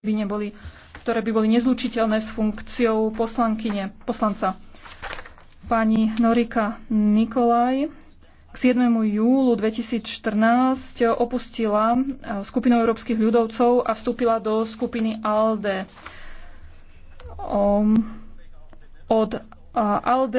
by neboli, ktoré by boli nezlučiteľné s funkciou poslankyne, poslanca. Pani Norika Nikolaj k 7. júlu 2014 opustila e, skupinu európskych ľudovcov a vstúpila do skupiny ALDE. od ALDE